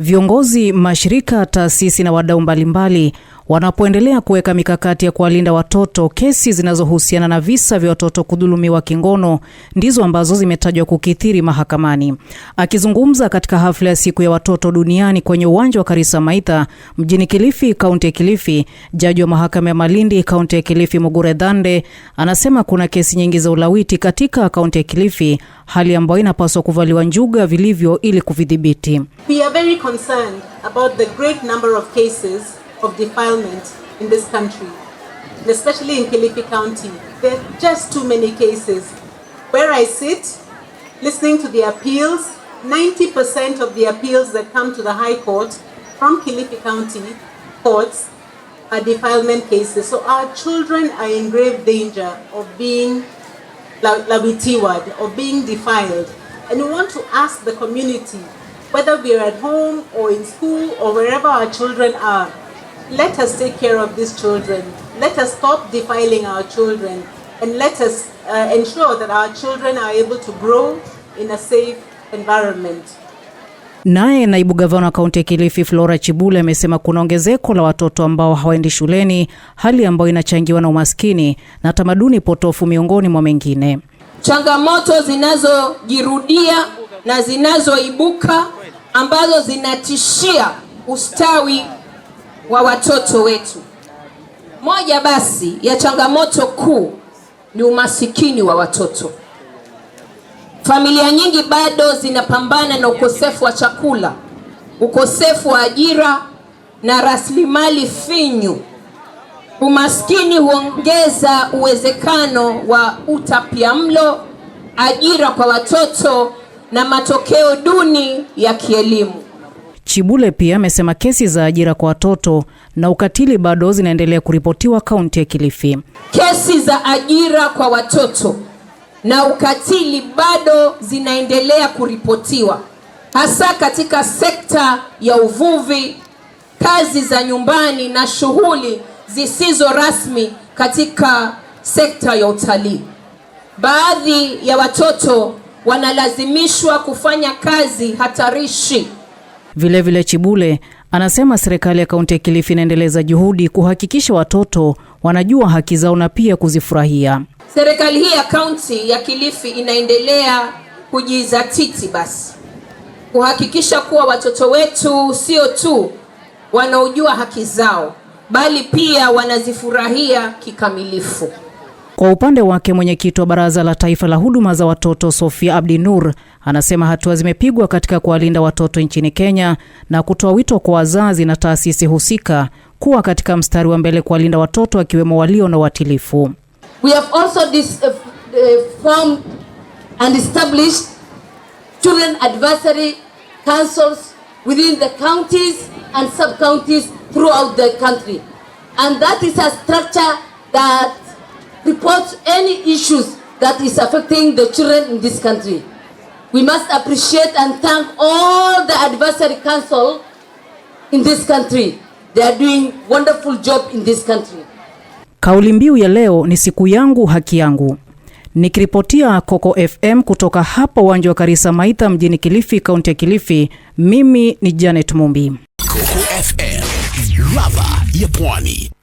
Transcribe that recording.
Viongozi, mashirika, taasisi na wadau mbalimbali wanapoendelea kuweka mikakati ya kuwalinda watoto. Kesi zinazohusiana na visa vya watoto kudhulumiwa kingono ndizo ambazo zimetajwa kukithiri mahakamani. Akizungumza katika hafla ya siku ya watoto duniani kwenye uwanja wa Karisa Maitha mjini Kilifi, kaunti ya Kilifi, jaji wa mahakama ya Malindi, kaunti ya Kilifi, Mugure Dhande anasema kuna kesi nyingi za ulawiti katika kaunti ya Kilifi, hali ambayo inapaswa kuvaliwa njuga vilivyo ili kuvidhibiti. We are very concerned about the great number of cases of defilement in this country, especially in Kilifi County. There are just too many cases. Where I sit, listening to the appeals, 90% of the appeals that come to the High Court from Kilifi County courts are defilement cases. So our children are in grave danger of being labitiwad, of being defiled. And we want to ask the community, whether we are at home or in school or wherever our children are, let us take care of these children. Let us stop defiling our children and let us uh, ensure that our children are able to grow in a safe environment. Naye naibu gavana wa kaunti ya Kilifi Flora Chibule amesema kuna ongezeko la watoto ambao hawaendi shuleni, hali ambayo inachangiwa na umaskini na tamaduni potofu miongoni mwa mengine. Changamoto zinazojirudia na zinazoibuka ambazo zinatishia ustawi wa watoto wetu. Moja basi ya changamoto kuu ni umasikini wa watoto. Familia nyingi bado zinapambana na ukosefu wa chakula, ukosefu wa ajira na rasilimali finyu. Umaskini huongeza uwezekano wa utapiamlo, ajira kwa watoto na matokeo duni ya kielimu. Chibule pia amesema kesi za ajira kwa watoto na ukatili bado zinaendelea kuripotiwa kaunti ya Kilifi. Kesi za ajira kwa watoto na ukatili bado zinaendelea kuripotiwa hasa katika sekta ya uvuvi, kazi za nyumbani na shughuli zisizo rasmi katika sekta ya utalii. Baadhi ya watoto wanalazimishwa kufanya kazi hatarishi Vilevile vile Chibule anasema serikali ya kaunti ya Kilifi inaendeleza juhudi kuhakikisha watoto wanajua haki zao na pia kuzifurahia. Serikali hii ya kaunti ya Kilifi inaendelea kujizatiti basi kuhakikisha kuwa watoto wetu sio tu wanaojua haki zao bali pia wanazifurahia kikamilifu. Kwa upande wake mwenyekiti wa Baraza la Taifa la Huduma za Watoto Sofia Abdi Nur anasema hatua zimepigwa katika kuwalinda watoto nchini Kenya na kutoa wito kwa wazazi na taasisi husika kuwa katika mstari wa mbele kuwalinda watoto wakiwemo walio na uatilifu. We have also this, uh, uh, formed and established children advisory councils within the counties and sub-counties throughout the country and that is a structure that report any issues that is affecting the children in this country. We must appreciate and thank all the advisory council in this country. They are doing wonderful job in this country. Kauli mbiu ya leo ni siku yangu haki yangu. Nikiripotia Coco FM kutoka hapa uwanja wa Karisa Maitha mjini Kilifi, kaunti ya Kilifi, mimi ni Janet Mumbi. Coco FM, ladha ya Pwani.